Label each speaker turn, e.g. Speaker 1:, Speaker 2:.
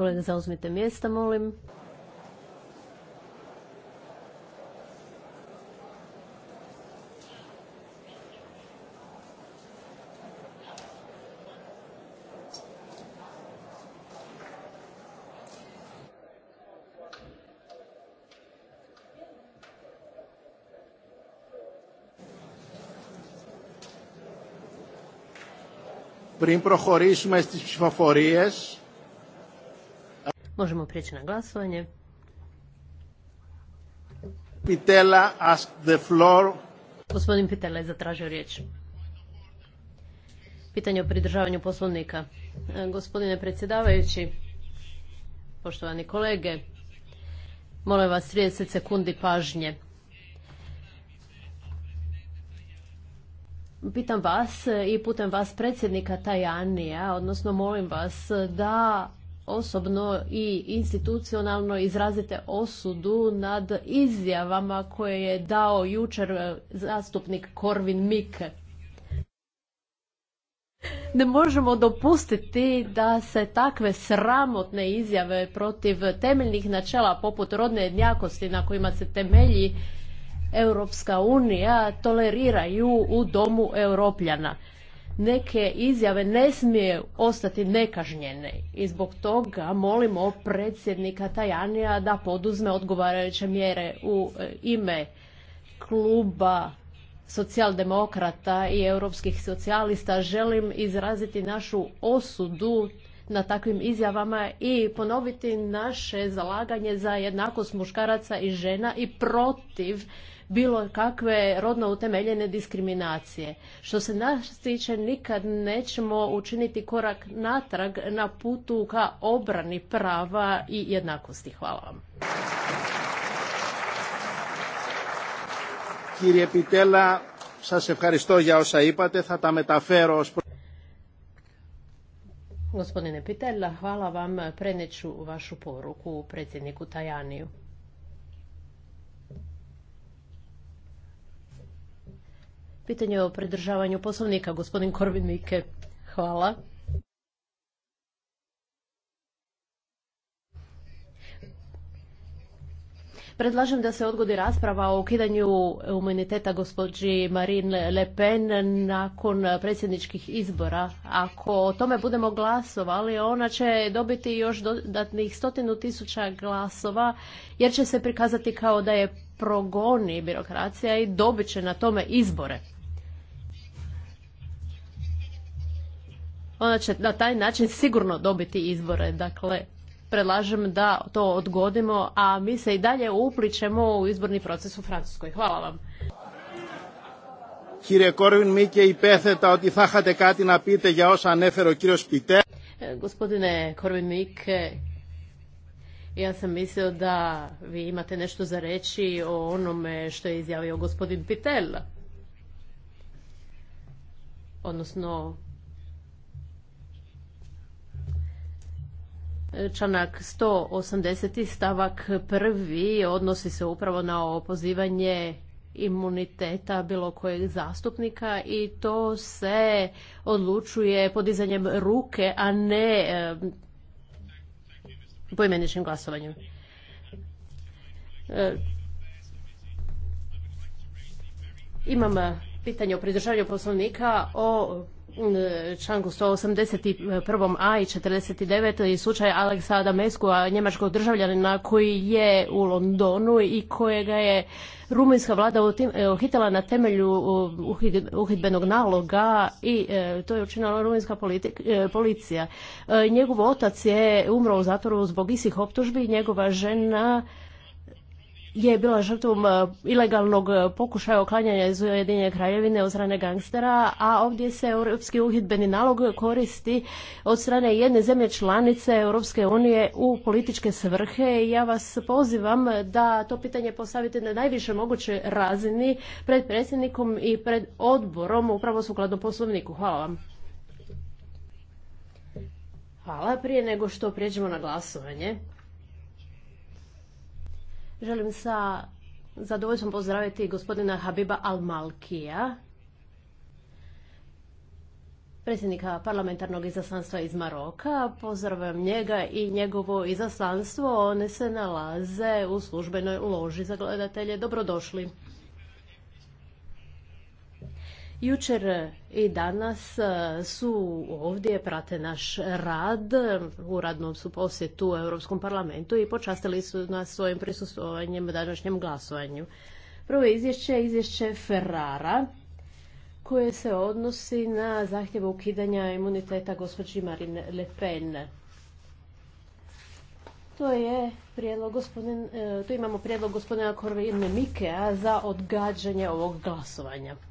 Speaker 1: kolege zauzmite mjesta, molim.
Speaker 2: Πριν προχωρήσουμε στις ψηφοφορίες,
Speaker 1: Možemo prijeći na glasovanje.
Speaker 2: Pitela the floor.
Speaker 1: Gospodin Pitela je zatražio riječ. Pitanje o pridržavanju poslovnika. E, gospodine predsjedavajući, poštovani kolege, molim vas 30 sekundi pažnje. Pitam vas i putem vas predsjednika Tajanija, odnosno molim vas da osobno i institucionalno izrazite osudu nad izjavama koje je dao jučer e, zastupnik Korvin Mike. Ne možemo dopustiti da se takve sramotne izjave protiv temeljnih načela poput rodne jednakosti na kojima se temelji Europska unija toleriraju u domu Europljana neke izjave ne smije ostati nekažnjene i zbog toga molimo predsjednika Tajanija da poduzme odgovarajuće mjere u e, ime kluba socijaldemokrata i europskih socijalista želim izraziti našu osudu na takvim izjavama i ponoviti naše zalaganje za jednakost muškaraca i žena i protiv bilo kakve rodno utemeljene diskriminacije. Što se nas tiče, nikad nećemo učiniti korak natrag na putu ka obrani prava i jednakosti. Hvala vam.
Speaker 2: Kirje Pitela,
Speaker 1: Gospodine Pitella, hvala vam, preneću vašu poruku predsjedniku Tajaniju. Pitanje o predržavanju poslovnika, gospodin Korvin Mike. Hvala. Predlažem da se odgodi rasprava o ukidanju imuniteta gospođi Marine Le Pen nakon predsjedničkih izbora. Ako o tome budemo glasovali, ona će dobiti još dodatnih stotinu tisuća glasova jer će se prikazati kao da je progoni birokracija i dobit će na tome izbore. Ona će na taj način sigurno dobiti izbore. Dakle, predlažem da to odgodimo, a mi se i dalje upličemo u izborni proces u Francuskoj. Hvala vam.
Speaker 2: kire mike i kati
Speaker 1: Gospodine Korvin Mike, ja sam mislio da vi imate nešto za reći o onome što je izjavio gospodin Pitel. Odnosno, Članak 180. stavak prvi odnosi se upravo na opozivanje imuniteta bilo kojeg zastupnika i to se odlučuje podizanjem ruke, a ne poimeničnim glasovanjem. E, imam pitanje o pridržavanju poslovnika o članku 181a i 49 i slučaj Aleksa a njemačkog državljanina koji je u Londonu i kojega je rumunjska vlada eh, uhitila na temelju uh, uhidbenog naloga i eh, to je učinila rumunjska eh, policija. Njegov otac je umro u zatvoru zbog istih optužbi, njegova žena je bila žrtvom e, ilegalnog e, pokušaja oklanjanja iz Ujedinjene kraljevine od strane gangstera, a ovdje se europski uhidbeni nalog koristi od strane jedne zemlje članice Europske unije u političke svrhe. Ja vas pozivam da to pitanje postavite na najviše moguće razini pred predsjednikom i pred odborom upravo sukladno poslovniku. Hvala vam. Hvala. Prije nego što prijeđemo na glasovanje, Želim sa zadovoljstvom pozdraviti gospodina Habiba Al-Malkija, predsjednika parlamentarnog izaslanstva iz Maroka. Pozdravljam njega i njegovo izaslanstvo. One se nalaze u službenoj loži za gledatelje. Dobrodošli. Jučer i danas e, su ovdje, prate naš rad, u radnom su posjetu u Europskom parlamentu i počastili su nas svojim prisustvovanjem današnjem glasovanju. Prvo izvješće je izvješće Ferrara koje se odnosi na zahtjev ukidanja imuniteta gospođi Marine Le Pen. To je prijedlog gospodin, e, tu imamo prijedlog gospodina Korvine Mikea za odgađanje ovog glasovanja.